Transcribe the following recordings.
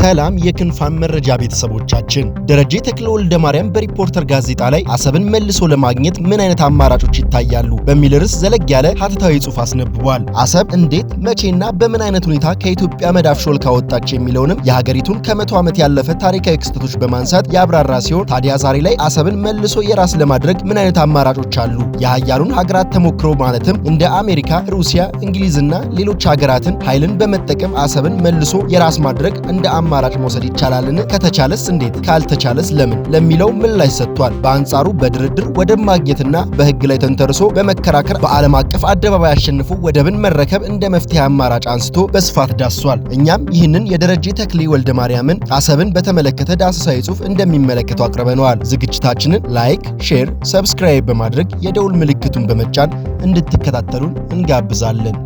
ሰላም የክንፋን መረጃ ቤተሰቦቻችን። ደረጀ ተክለ ወልደ ማርያም በሪፖርተር ጋዜጣ ላይ አሰብን መልሶ ለማግኘት ምን አይነት አማራጮች ይታያሉ በሚል ርዕስ ዘለግ ያለ ሀተታዊ ጽሑፍ አስነብቧል። አሰብ እንዴት መቼና በምን አይነት ሁኔታ ከኢትዮጵያ መዳፍ ሾልካ ወጣች የሚለውንም የሀገሪቱን ከመቶ ዓመት ያለፈ ታሪካዊ ክስተቶች በማንሳት ያብራራ ሲሆን ታዲያ ዛሬ ላይ አሰብን መልሶ የራስ ለማድረግ ምን አይነት አማራጮች አሉ? የሀያሉን ሀገራት ተሞክሮ ማለትም እንደ አሜሪካ፣ ሩሲያ፣ እንግሊዝና ሌሎች ሀገራትን ኃይልን በመጠቀም አሰብን መልሶ የራስ ማድረግ እንደ አማራጭ መውሰድ ይቻላልን? ከተቻለስ እንዴት? ካልተቻለስ ለምን? ለሚለው ምላሽ ሰጥቷል። በአንጻሩ በድርድር ወደብ ማግኘትና በህግ ላይ ተንተርሶ በመከራከር በዓለም አቀፍ አደባባይ አሸንፎ ወደብን መረከብ እንደ መፍትሄ አማራጭ አንስቶ በስፋት ዳስሷል። እኛም ይህንን የደረጀ ተክሌ ወልደ ማርያምን አሰብን በተመለከተ ዳሰሳዊ ጽሑፍ እንደሚመለከተው አቅርበነዋል። ዝግጅታችንን ላይክ፣ ሼር፣ ሰብስክራይብ በማድረግ የደውል ምልክቱን በመጫን እንድትከታተሉን እንጋብዛለን።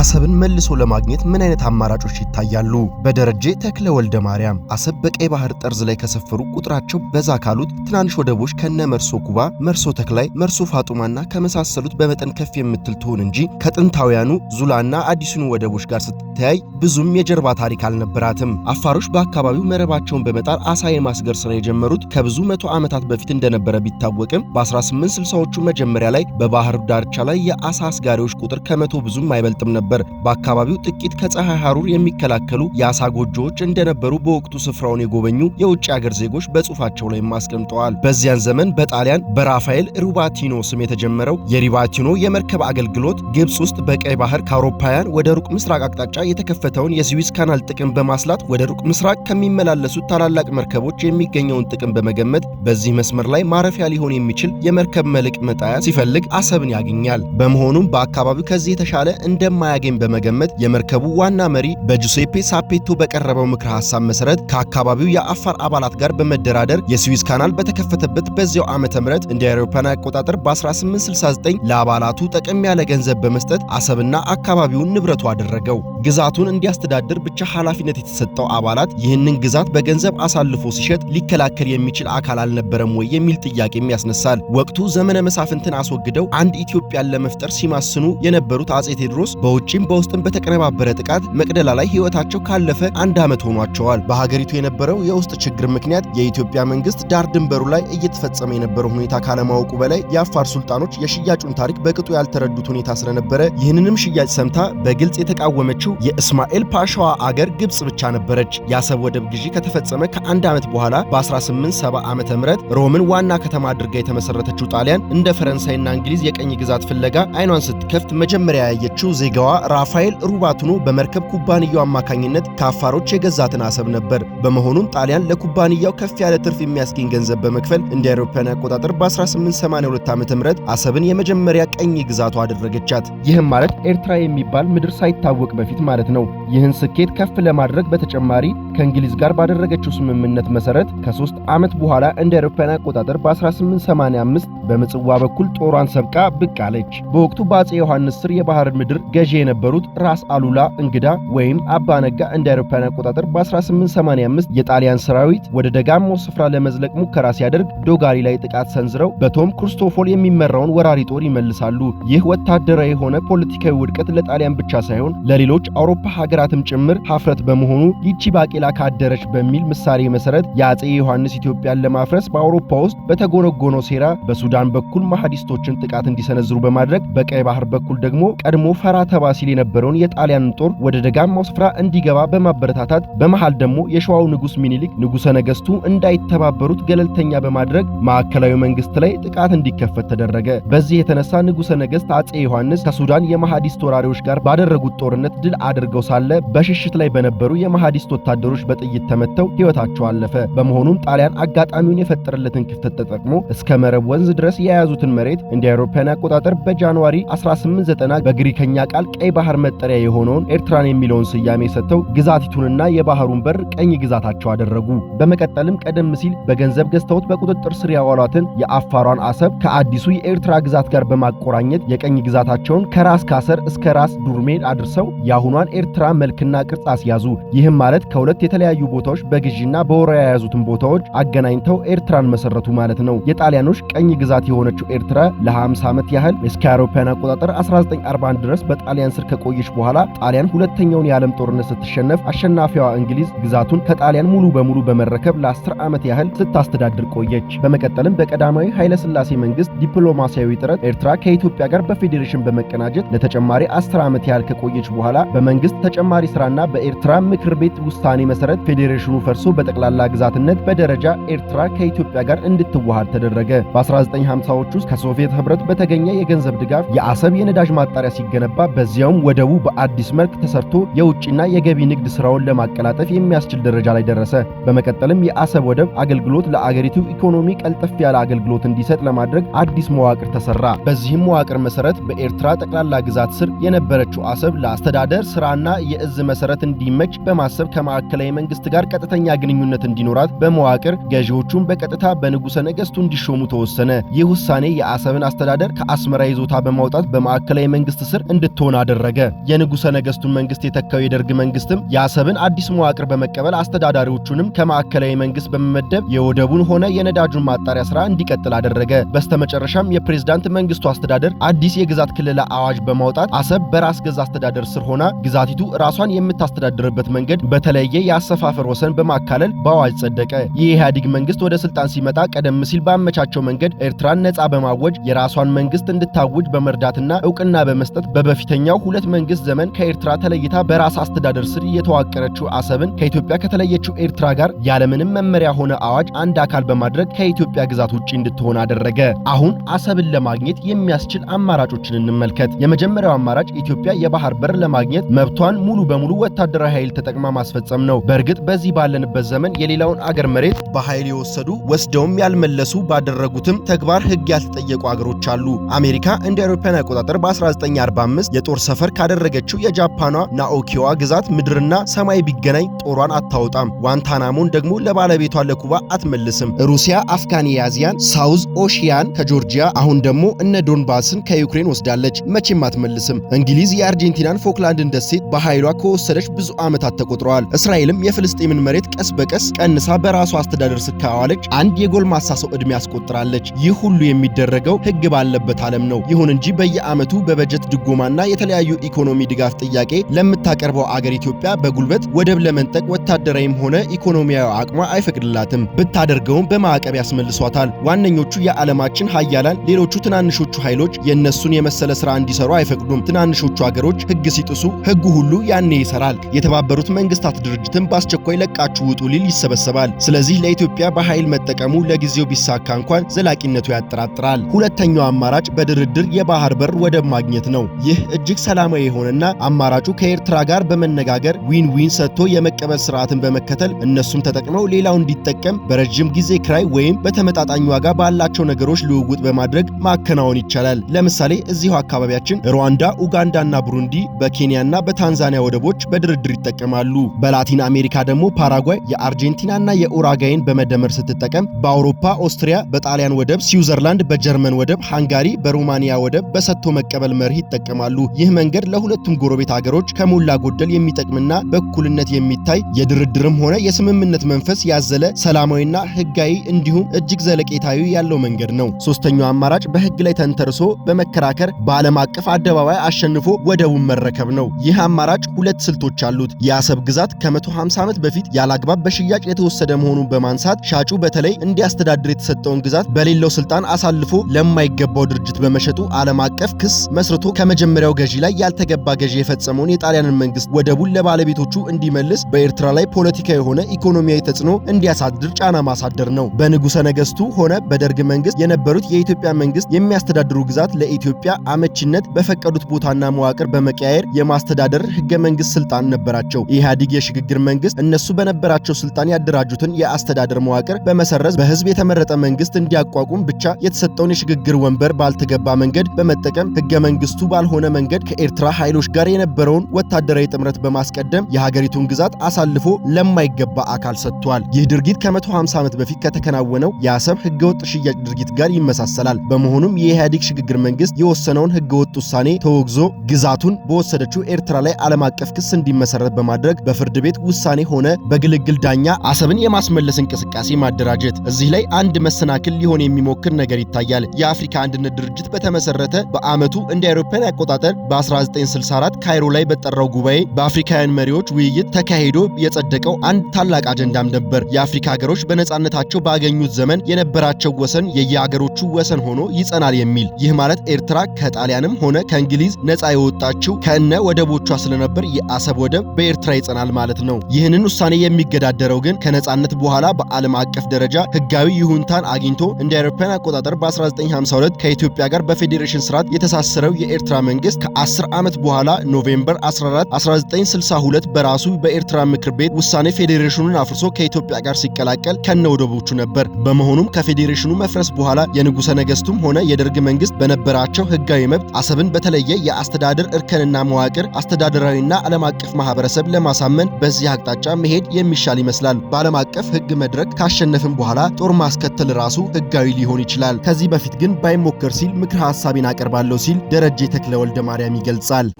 አሰብን መልሶ ለማግኘት ምን አይነት አማራጮች ይታያሉ? በደረጀ ተክለ ወልደ ማርያም አሰብ በቀይ ባህር ጠርዝ ላይ ከሰፈሩ ቁጥራቸው በዛ ካሉት ትናንሽ ወደቦች ከነ መርሶ ኩባ፣ መርሶ ተክላይ፣ መርሶ ፋጡማና ከመሳሰሉት በመጠን ከፍ የምትል ትሆን እንጂ ከጥንታውያኑ ዙላና አዲሱን ወደቦች ጋር ስትተያይ ብዙም የጀርባ ታሪክ አልነበራትም። አፋሮች በአካባቢው መረባቸውን በመጣል አሳ የማስገር ስራ የጀመሩት ከብዙ መቶ ዓመታት በፊት እንደነበረ ቢታወቅም በ1860ዎቹ መጀመሪያ ላይ በባህር ዳርቻ ላይ የአሳ አስጋሪዎች ቁጥር ከመቶ ብዙም አይበልጥም ነበር። ነበር። በአካባቢው ጥቂት ከፀሐይ ሐሩር የሚከላከሉ የአሳ ጎጆዎች እንደነበሩ በወቅቱ ስፍራውን የጎበኙ የውጭ አገር ዜጎች በጽሑፋቸው ላይም አስቀምጠዋል። በዚያን ዘመን በጣሊያን በራፋኤል ሩባቲኖ ስም የተጀመረው የሪባቲኖ የመርከብ አገልግሎት ግብፅ ውስጥ በቀይ ባህር ከአውሮፓውያን ወደ ሩቅ ምስራቅ አቅጣጫ የተከፈተውን የስዊዝ ካናል ጥቅም በማስላት ወደ ሩቅ ምስራቅ ከሚመላለሱት ታላላቅ መርከቦች የሚገኘውን ጥቅም በመገመት በዚህ መስመር ላይ ማረፊያ ሊሆን የሚችል የመርከብ መልሕቅ መጣያ ሲፈልግ አሰብን ያገኛል። በመሆኑም በአካባቢው ከዚህ የተሻለ እንደማያ ጥንቃቄን በመገመት የመርከቡ ዋና መሪ በጁሴፔ ሳፔቶ በቀረበው ምክረ ሐሳብ መሰረት ከአካባቢው የአፋር አባላት ጋር በመደራደር የስዊዝ ካናል በተከፈተበት በዚያው ዓመተ ምህረት እንደ አውሮፓውያን አቆጣጠር በ1869 ለአባላቱ ጠቀም ያለ ገንዘብ በመስጠት አሰብና አካባቢውን ንብረቱ አደረገው። ግዛቱን እንዲያስተዳድር ብቻ ኃላፊነት የተሰጠው አባላት ይህንን ግዛት በገንዘብ አሳልፎ ሲሸጥ ሊከላከል የሚችል አካል አልነበረም ወይ የሚል ጥያቄም ያስነሳል። ወቅቱ ዘመነ መሳፍንትን አስወግደው አንድ ኢትዮጵያን ለመፍጠር ሲማስኑ የነበሩት አጼ ቴዎድሮስ በውጭ ሰዎችም በውስጥም በተቀነባበረ ጥቃት መቅደላ ላይ ህይወታቸው ካለፈ አንድ ዓመት ሆኗቸዋል። በሀገሪቱ የነበረው የውስጥ ችግር ምክንያት የኢትዮጵያ መንግስት ዳር ድንበሩ ላይ እየተፈጸመ የነበረው ሁኔታ ካለማወቁ በላይ የአፋር ሱልጣኖች የሽያጩን ታሪክ በቅጡ ያልተረዱት ሁኔታ ስለነበረ ይህንንም ሽያጭ ሰምታ በግልጽ የተቃወመችው የእስማኤል ፓሻዋ አገር ግብጽ ብቻ ነበረች። የአሰብ ወደብ ግዢ ከተፈጸመ ከአንድ ዓመት በኋላ በ1870 ዓ ም ሮምን ዋና ከተማ አድርጋ የተመሰረተችው ጣሊያን እንደ ፈረንሳይና እንግሊዝ የቀኝ ግዛት ፍለጋ አይኗን ስትከፍት መጀመሪያ ያየችው ዜጋዋ ባለቤቷ ራፋኤል ሩባትኖ በመርከብ ኩባንያው አማካኝነት ከአፋሮች የገዛትን አሰብ ነበር። በመሆኑም ጣሊያን ለኩባንያው ከፍ ያለ ትርፍ የሚያስገኝ ገንዘብ በመክፈል እንደ አውሮፓውያን አቆጣጠር በ1882 ዓ.ም አሰብን የመጀመሪያ ቀኝ ግዛቷ አደረገቻት። ይህም ማለት ኤርትራ የሚባል ምድር ሳይታወቅ በፊት ማለት ነው። ይህን ስኬት ከፍ ለማድረግ በተጨማሪ ከእንግሊዝ ጋር ባደረገችው ስምምነት መሰረት ከሶስት ዓመት በኋላ እንደ አውሮፓውያን አቆጣጠር በ1885 በምጽዋ በኩል ጦሯን ሰብቃ ብቅ አለች። በወቅቱ በአፄ ዮሐንስ ስር የባህር ምድር ገዢ የነበሩት ራስ አሉላ እንግዳ ወይም አባነጋ እንደ አውሮፓውያን አቆጣጠር በ1885 የጣሊያን ሰራዊት ወደ ደጋማው ስፍራ ለመዝለቅ ሙከራ ሲያደርግ ዶጋሪ ላይ ጥቃት ሰንዝረው በቶም ክርስቶፎል የሚመራውን ወራሪ ጦር ይመልሳሉ። ይህ ወታደራዊ የሆነ ፖለቲካዊ ውድቀት ለጣሊያን ብቻ ሳይሆን ለሌሎች አውሮፓ ሀገራትም ጭምር ሀፍረት በመሆኑ ይቺ ባቄላ ካደረች በሚል ምሳሌ መሰረት የአጼ ዮሐንስ ኢትዮጵያን ለማፍረስ በአውሮፓ ውስጥ በተጎነጎነው ሴራ በሱዳን በኩል መሐዲስቶችን ጥቃት እንዲሰነዝሩ በማድረግ በቀይ ባህር በኩል ደግሞ ቀድሞ ፈራ ተባ ሲል የነበረውን የጣሊያን ጦር ወደ ደጋማው ስፍራ እንዲገባ በማበረታታት በመሃል ደግሞ የሸዋው ንጉስ ሚኒሊክ ንጉሰ ነገስቱ እንዳይተባበሩት ገለልተኛ በማድረግ ማዕከላዊ መንግስት ላይ ጥቃት እንዲከፈት ተደረገ። በዚህ የተነሳ ንጉሰ ነገስት አጼ ዮሐንስ ከሱዳን የመሐዲስት ወራሪዎች ጋር ባደረጉት ጦርነት ድል አድርገው ሳለ በሽሽት ላይ በነበሩ የመሐዲስት ወታደሮች ወታደሮች በጥይት ተመተው ሕይወታቸው አለፈ። በመሆኑም ጣሊያን አጋጣሚውን የፈጠረለትን ክፍተት ተጠቅሞ እስከ መረብ ወንዝ ድረስ የያዙትን መሬት እንደ አውሮፓውያን አቆጣጠር በጃንዋሪ 1890 በግሪከኛ ቃል ቀይ ባህር መጠሪያ የሆነውን ኤርትራን የሚለውን ስያሜ ሰጥተው ግዛቲቱንና የባህሩን በር ቀኝ ግዛታቸው አደረጉ። በመቀጠልም ቀደም ሲል በገንዘብ ገዝተውት በቁጥጥር ስር ያዋሏትን የአፋሯን አሰብ ከአዲሱ የኤርትራ ግዛት ጋር በማቆራኘት የቀኝ ግዛታቸውን ከራስ ካሰር እስከ ራስ ዱርሜ አድርሰው የአሁኗን ኤርትራ መልክና ቅርጽ አስያዙ። ይህም ማለት ከሁለት ሁለት የተለያዩ ቦታዎች በግዢና በወራ የያዙትን ቦታዎች አገናኝተው ኤርትራን መሰረቱ ማለት ነው። የጣሊያኖች ቀኝ ግዛት የሆነችው ኤርትራ ለ50 ዓመት ያህል እስከ አውሮፓውያን አቆጣጠር 1941 ድረስ በጣሊያን ስር ከቆየች በኋላ ጣሊያን ሁለተኛውን የዓለም ጦርነት ስትሸነፍ አሸናፊዋ እንግሊዝ ግዛቱን ከጣሊያን ሙሉ በሙሉ በመረከብ ለ10 ዓመት ያህል ስታስተዳድር ቆየች። በመቀጠልም በቀዳማዊ ኃይለሥላሴ መንግስት ዲፕሎማሲያዊ ጥረት ኤርትራ ከኢትዮጵያ ጋር በፌዴሬሽን በመቀናጀት ለተጨማሪ 10 ዓመት ያህል ከቆየች በኋላ በመንግስት ተጨማሪ ስራና በኤርትራ ምክር ቤት ውሳኔ መሰረት ፌዴሬሽኑ ፈርሶ በጠቅላላ ግዛትነት በደረጃ ኤርትራ ከኢትዮጵያ ጋር እንድትዋሃድ ተደረገ። በ1950ዎች ውስጥ ከሶቪየት ህብረት በተገኘ የገንዘብ ድጋፍ የአሰብ የነዳጅ ማጣሪያ ሲገነባ በዚያውም ወደቡ በአዲስ መልክ ተሰርቶ የውጭና የገቢ ንግድ ስራውን ለማቀላጠፍ የሚያስችል ደረጃ ላይ ደረሰ። በመቀጠልም የአሰብ ወደብ አገልግሎት ለአገሪቱ ኢኮኖሚ ቀልጠፍ ያለ አገልግሎት እንዲሰጥ ለማድረግ አዲስ መዋቅር ተሰራ። በዚህም መዋቅር መሰረት በኤርትራ ጠቅላላ ግዛት ስር የነበረችው አሰብ ለአስተዳደር ስራና የእዝ መሰረት እንዲመች በማሰብ ከማዕከል ማዕከላዊ መንግስት ጋር ቀጥተኛ ግንኙነት እንዲኖራት በመዋቅር ገዢዎቹን በቀጥታ በንጉሠ ነገሥቱ እንዲሾሙ ተወሰነ። ይህ ውሳኔ የአሰብን አስተዳደር ከአስመራ ይዞታ በማውጣት በማዕከላዊ መንግስት ስር እንድትሆን አደረገ። የንጉሠ ነገሥቱን መንግስት የተካው የደርግ መንግስትም የአሰብን አዲስ መዋቅር በመቀበል አስተዳዳሪዎቹንም ከማዕከላዊ መንግስት በመመደብ የወደቡን ሆነ የነዳጁን ማጣሪያ ስራ እንዲቀጥል አደረገ። በስተመጨረሻም የፕሬዝዳንት መንግስቱ አስተዳደር አዲስ የግዛት ክልላ አዋጅ በማውጣት አሰብ በራስ ገዝ አስተዳደር ስር ሆና ግዛቲቱ ራሷን የምታስተዳድርበት መንገድ በተለየ የአሰፋፈር ወሰን በማካለል በአዋጅ ጸደቀ። የኢህአዲግ መንግስት ወደ ስልጣን ሲመጣ ቀደም ሲል ባመቻቸው መንገድ ኤርትራን ነጻ በማወጅ የራሷን መንግስት እንድታውጅ በመርዳትና እውቅና በመስጠት በበፊተኛው ሁለት መንግስት ዘመን ከኤርትራ ተለይታ በራስ አስተዳደር ስር የተዋቀረችው አሰብን ከኢትዮጵያ ከተለየችው ኤርትራ ጋር ያለምንም መመሪያ ሆነ አዋጅ አንድ አካል በማድረግ ከኢትዮጵያ ግዛት ውጭ እንድትሆን አደረገ። አሁን አሰብን ለማግኘት የሚያስችል አማራጮችን እንመልከት። የመጀመሪያው አማራጭ ኢትዮጵያ የባህር በር ለማግኘት መብቷን ሙሉ በሙሉ ወታደራዊ ኃይል ተጠቅማ ማስፈጸም ነው። ነው። በእርግጥ በዚህ ባለንበት ዘመን የሌላውን አገር መሬት በኃይል የወሰዱ ወስደውም ያልመለሱ ባደረጉትም ተግባር ህግ ያልተጠየቁ አገሮች አሉ። አሜሪካ እንደ አውሮፓውያን አቆጣጠር በ1945 የጦር ሰፈር ካደረገችው የጃፓኗ ናኦኪዋ ግዛት ምድርና ሰማይ ቢገናኝ ጦሯን አታወጣም። ዋንታናሞን ደግሞ ለባለቤቷ ለኩባ አትመልስም። ሩሲያ አፍጋኒያዚያን፣ ሳውዝ ኦሺያን ከጆርጂያ አሁን ደግሞ እነ ዶንባስን ከዩክሬን ወስዳለች፣ መቼም አትመልስም። እንግሊዝ የአርጀንቲናን ፎክላንድን ደሴት በኃይሏ ከወሰደች ብዙ ዓመታት ተቆጥረዋል። እስራኤል እስራኤልም የፍልስጤምን መሬት ቀስ በቀስ ቀንሳ በራሷ አስተዳደር ስካዋለች አንድ የጎልማሳ ሰው ዕድሜ ያስቆጥራለች። ይህ ሁሉ የሚደረገው ሕግ ባለበት ዓለም ነው። ይሁን እንጂ በየዓመቱ በበጀት ድጎማና የተለያዩ ኢኮኖሚ ድጋፍ ጥያቄ ለምታቀርበው አገር ኢትዮጵያ በጉልበት ወደብ ለመንጠቅ ወታደራዊም ሆነ ኢኮኖሚያዊ አቅሟ አይፈቅድላትም። ብታደርገውም በማዕቀብ ያስመልሷታል። ዋነኞቹ የዓለማችን ሀያላን ሌሎቹ ትናንሾቹ ኃይሎች የእነሱን የመሰለ ሥራ እንዲሰሩ አይፈቅዱም። ትናንሾቹ አገሮች ሕግ ሲጥሱ ሕጉ ሁሉ ያኔ ይሰራል። የተባበሩት መንግስታት ድርጅት መንግስትም በአስቸኳይ ለቃችሁ ውጡ ሊል ይሰበሰባል። ስለዚህ ለኢትዮጵያ በኃይል መጠቀሙ ለጊዜው ቢሳካ እንኳን ዘላቂነቱ ያጠራጥራል። ሁለተኛው አማራጭ በድርድር የባህር በር ወደብ ማግኘት ነው። ይህ እጅግ ሰላማዊ የሆነና አማራጩ ከኤርትራ ጋር በመነጋገር ዊን ዊን ሰጥቶ የመቀበል ስርዓትን በመከተል እነሱም ተጠቅመው ሌላው እንዲጠቀም በረጅም ጊዜ ክራይ ወይም በተመጣጣኝ ዋጋ ባላቸው ነገሮች ልውውጥ በማድረግ ማከናወን ይቻላል። ለምሳሌ እዚሁ አካባቢያችን ሩዋንዳ፣ ኡጋንዳና ቡሩንዲ በኬንያና በታንዛኒያ ወደቦች በድርድር ይጠቀማሉ። በላቲን አሜሪካ ደግሞ ፓራጓይ የአርጀንቲናና የኡራጋይን በመደመር ስትጠቀም በአውሮፓ ኦስትሪያ በጣሊያን ወደብ፣ ስዊዘርላንድ በጀርመን ወደብ፣ ሃንጋሪ በሮማኒያ ወደብ በሰጥቶ መቀበል መርህ ይጠቀማሉ። ይህ መንገድ ለሁለቱም ጎረቤት አገሮች ከሞላ ጎደል የሚጠቅምና በእኩልነት የሚታይ የድርድርም ሆነ የስምምነት መንፈስ ያዘለ ሰላማዊና ህጋዊ እንዲሁም እጅግ ዘለቄታዊ ያለው መንገድ ነው። ሶስተኛው አማራጭ በህግ ላይ ተንተርሶ በመከራከር በዓለም አቀፍ አደባባይ አሸንፎ ወደቡን መረከብ ነው። ይህ አማራጭ ሁለት ስልቶች አሉት። የአሰብ ግዛት ከመቶ ከ150 ዓመት በፊት ያለአግባብ በሽያጭ የተወሰደ መሆኑን በማንሳት ሻጩ በተለይ እንዲያስተዳድር የተሰጠውን ግዛት በሌለው ስልጣን አሳልፎ ለማይገባው ድርጅት በመሸጡ ዓለም አቀፍ ክስ መስርቶ ከመጀመሪያው ገዢ ላይ ያልተገባ ገዢ የፈጸመውን የጣሊያንን መንግስት ወደቡን ለባለቤቶቹ እንዲመልስ በኤርትራ ላይ ፖለቲካ የሆነ ኢኮኖሚያዊ ተጽዕኖ እንዲያሳድር ጫና ማሳደር ነው። በንጉሠ ነገሥቱ ሆነ በደርግ መንግስት የነበሩት የኢትዮጵያ መንግስት የሚያስተዳድሩ ግዛት ለኢትዮጵያ አመቺነት በፈቀዱት ቦታና መዋቅር በመቀያየር የማስተዳደር ህገ መንግስት ስልጣን ነበራቸው። ኢህአዲግ የሽግግር መንግስት እነሱ በነበራቸው ስልጣን ያደራጁትን የአስተዳደር መዋቅር በመሰረዝ በህዝብ የተመረጠ መንግስት እንዲያቋቁም ብቻ የተሰጠውን የሽግግር ወንበር ባልተገባ መንገድ በመጠቀም ህገ መንግስቱ ባልሆነ መንገድ ከኤርትራ ኃይሎች ጋር የነበረውን ወታደራዊ ጥምረት በማስቀደም የሀገሪቱን ግዛት አሳልፎ ለማይገባ አካል ሰጥቷል። ይህ ድርጊት ከ150 ዓመት በፊት ከተከናወነው የአሰብ ህገወጥ ሽያጭ ድርጊት ጋር ይመሳሰላል። በመሆኑም የኢህአዴግ ሽግግር መንግስት የወሰነውን ህገወጥ ውሳኔ ተወግዞ ግዛቱን በወሰደችው ኤርትራ ላይ ዓለም አቀፍ ክስ እንዲመሰረት በማድረግ በፍርድ ቤት ውሳኔ ሆነ በግልግል ዳኛ አሰብን የማስመለስ እንቅስቃሴ ማደራጀት። እዚህ ላይ አንድ መሰናክል ሊሆን የሚሞክር ነገር ይታያል። የአፍሪካ አንድነት ድርጅት በተመሰረተ በዓመቱ እንደ አውሮፓን አቆጣጠር በ1964 ካይሮ ላይ በጠራው ጉባኤ በአፍሪካውያን መሪዎች ውይይት ተካሂዶ የጸደቀው አንድ ታላቅ አጀንዳም ነበር። የአፍሪካ ሀገሮች በነጻነታቸው ባገኙት ዘመን የነበራቸው ወሰን የየሀገሮቹ ወሰን ሆኖ ይጸናል የሚል ይህ ማለት ኤርትራ ከጣሊያንም ሆነ ከእንግሊዝ ነጻ የወጣችው ከእነ ወደቦቿ ስለነበር የአሰብ ወደብ በኤርትራ ይጸናል ማለት ነው። ነው። ይህንን ውሳኔ የሚገዳደረው ግን ከነጻነት በኋላ በዓለም አቀፍ ደረጃ ህጋዊ ይሁንታን አግኝቶ እንደ አውሮፓውያን አቆጣጠር በ1952 ከኢትዮጵያ ጋር በፌዴሬሽን ስርዓት የተሳሰረው የኤርትራ መንግስት ከ10 ዓመት በኋላ ኖቬምበር 14 1962 በራሱ በኤርትራ ምክር ቤት ውሳኔ ፌዴሬሽኑን አፍርሶ ከኢትዮጵያ ጋር ሲቀላቀል ከነወደቦቹ ነበር። በመሆኑም ከፌዴሬሽኑ መፍረስ በኋላ የንጉሠ ነገሥቱም ሆነ የደርግ መንግስት በነበራቸው ህጋዊ መብት አሰብን በተለየ የአስተዳደር እርከንና መዋቅር አስተዳደራዊና ዓለም አቀፍ ማህበረሰብ ለማሳመን በዚህ አቅጣጫ መሄድ የሚሻል ይመስላል። በዓለም አቀፍ ሕግ መድረክ ካሸነፍን በኋላ ጦር ማስከተል ራሱ ሕጋዊ ሊሆን ይችላል። ከዚህ በፊት ግን ባይሞከር ሲል ምክር ሐሳቤን አቀርባለሁ ሲል ደረጀ ተክለ ወልደ ማርያም ይገልጻል።